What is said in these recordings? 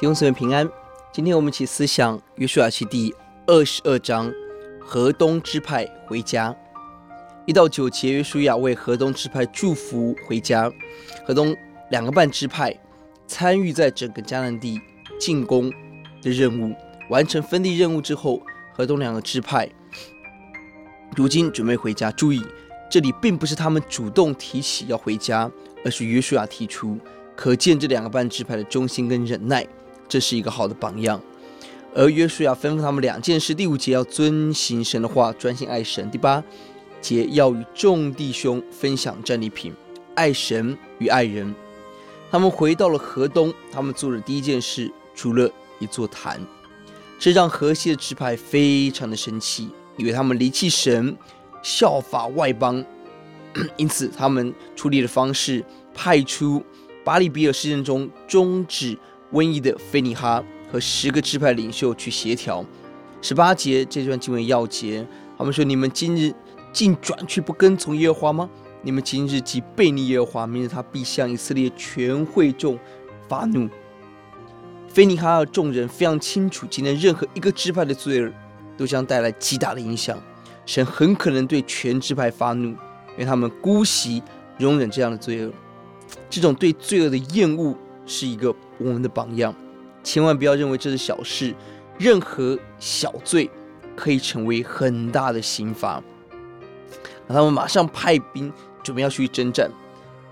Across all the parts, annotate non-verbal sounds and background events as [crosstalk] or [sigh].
弟兄姊妹平安，今天我們一起思想約書亞記第二十二章，河東支派回家一到九節，約書亞為河東支派祝福回家。河東兩個半支派參與在整個迦南地進攻的任務，完成分地任務之後，河東兩個支派如今準備回家。注意，這裡並不是他們主動提起要回家，而是約書亞提出，可見這兩個半支派的忠心跟忍耐。這是一個好的榜樣，而約書亞吩咐他們兩件事：第五節要遵行神的話，專心愛神；第八節要與眾弟兄分享戰利品，愛神與愛人。他們回到了河東，他們做的第一件事，築了一座壇，這讓河西的支派非常的生氣，以為他們離棄神，效法外邦， [coughs] 因此他們處理的方式，派出巴力畢珥事件中終止。瘟疫的非尼哈和十個支派領袖去協調。十八節這段經文鑰節，他們說：“你們今日竟轉去不跟從耶和華嗎？你們今日既悖逆耶和華，明日他必向以色列全會眾發怒。”非尼哈和眾人非常清楚，今天任何一個支派的罪惡都將帶來極大的影響。神很可能對全支派發怒，因為他們姑息容忍這樣的罪惡。這種對罪惡的厭惡，是一個我們的榜樣，千萬不要認為這是小事，任何小罪可以成為很大的刑罰。他們馬上派兵準備要去征戰，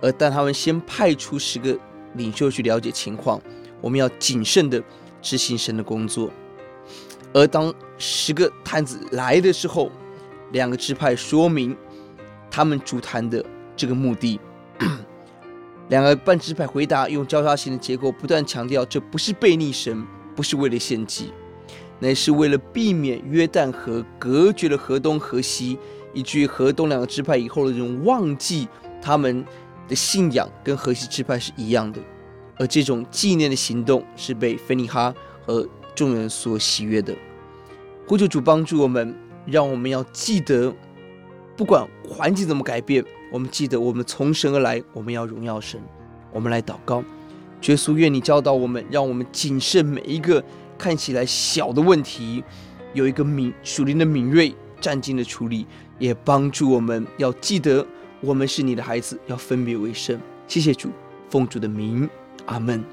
而但他們先派出十個領袖去了解情況。我們要謹慎的執行神的工作。而當十個探子來的時候，兩個支派說明他們築壇的這個目的。兩個半支派回答，用交叉型的結構，不斷強調這不是悖逆神，不是為了獻祭，乃是為了避免約旦河隔絕了河東河西，以至於河東兩個支派以後的這種忘記他們的信仰，跟河西支派是一樣的。而這種紀念的行動是被非尼哈和眾人所喜悅的。呼求主幫助我們，讓我們要記得，不管環境怎麼改變。我們記得，我們從神而來，我們要榮耀神。我們來禱告，耶穌，願你教導我們，讓我們謹慎每一個看起來小的問題，有一個敏屬靈的敏銳、站靜的處理，也幫助我們要記得，我們是你的孩子，要分別為聖。謝謝主，奉主的名，阿門。